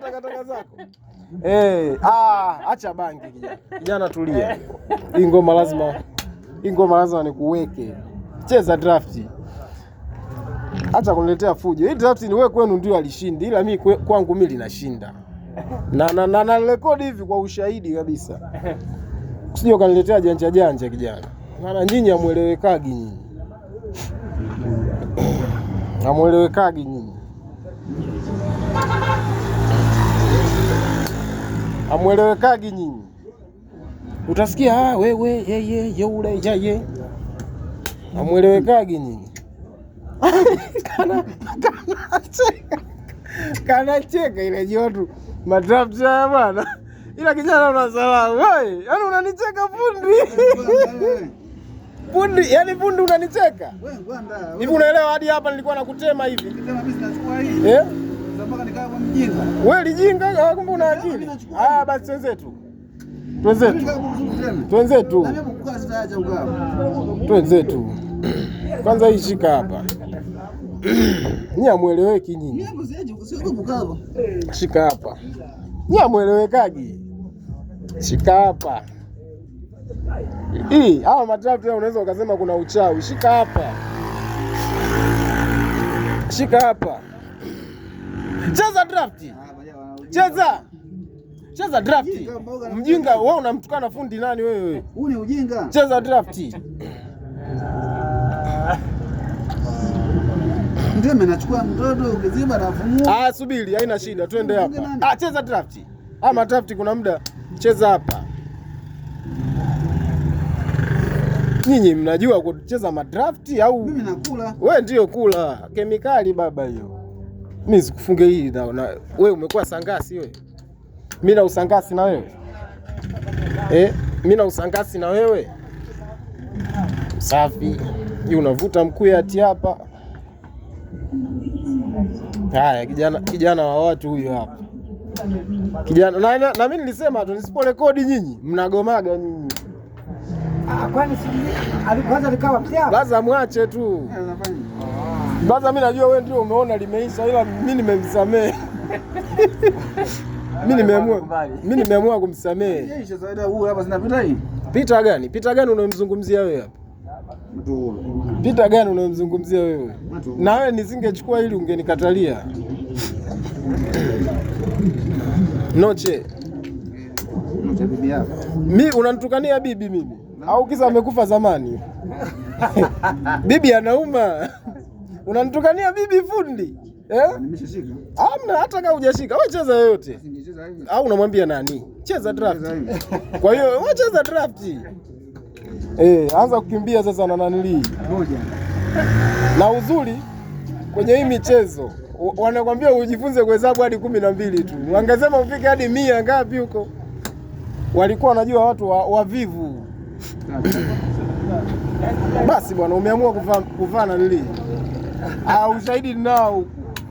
Takataka zako. Eh, ah, acha bangi kijana. Kijana tulia. Hii ngoma lazima hii ngoma lazima nikuweke. Cheza drafti. Acha kuniletea fujo. Hii ni wewe kwenu ndio alishindi ila mimi kwangu mimi linashinda. Na na na, na rekodi hivi kwa ushahidi kabisa. Usije ukaniletea janja janja kijana. Maana nyinyi nyinyi. nyinyi. amuelewekagi nyinyi, utasikia ah, wewe, yeye, yule yeye, hamwelewekagi nyinyi. kana kanacheka cheka ile tu matrapcha ya bwana, ila kijana unasalau, yaani yaani wewe yani unanicheka pundi pundi, yani pundi unanicheka hivi, unaelewa? Hadi hapa nilikuwa nakutema hivi eh wewe jinga, kumbe una akili. Ah, basi wenzetu twenzetu twenzetu twenzetu, kwanza ishika hapa nyamweleweki nyinyi, shika hapa nyamwelewekaji, shika hapa hii. Hawa madrafti unaweza ukasema kuna uchawi, shika hapa, shika hapa. Cheza draft, cheza cheza draft. Mjinga wewe, unamtukana fundi nani wewe? Huu ni ujinga. Cheza drafti. Ndeme nachukua mtoto ukiziba rafu Ah, subiri, haina shida, twende hapa. Ah, cheza drafti. Ama ah, draft kuna muda. Cheza hapa. Nyinyi mnajua kucheza madrafti au? Mimi nakula. Wewe ndio kula. Kemikali baba hiyo mi sikufunge hii na, na, we umekuwa sangasi we, mi na usangasi na wewe eh, mi na usangasi na wewe safi. Hii unavuta mkuu ati hapa. Haya, kijana kijana wa watu huyo hapa kijana na, na, na mi nilisema tu nisipo nyinyi mnagomaga nyinyi ah, ah, kwanza, mwache tu. Eh, Basa, mi najua wewe ndio umeona limeisha, ila mi nimemsamehe. mi nimeamua mimi nimeamua kumsamehe. Pita gani? Pita gani unamzungumzia wewe hapa? Pita gani unamzungumzia wewe? Na wewe nisingechukua hili ungenikatalia. Noche mi unanitukania bibi mimi au kisa amekufa zamani? bibi anauma Unanitukania bibi fundi eh? Nimeshashika. Hamna hata kama hujashika. Wewe cheza yoyote. Au unamwambia nani? Cheza draft. Kwa hiyo wewe cheza draft. Eh, anza kukimbia sasa na nanilii. Ngoja. Na uzuri kwenye hii michezo wanakwambia ujifunze kuhesabu hadi kumi na mbili tu. Wangesema ufike hadi mia ngapi huko. Walikuwa wanajua watu wavivu wa Basi bwana, umeamua kuvaa kuvaa I didn't know.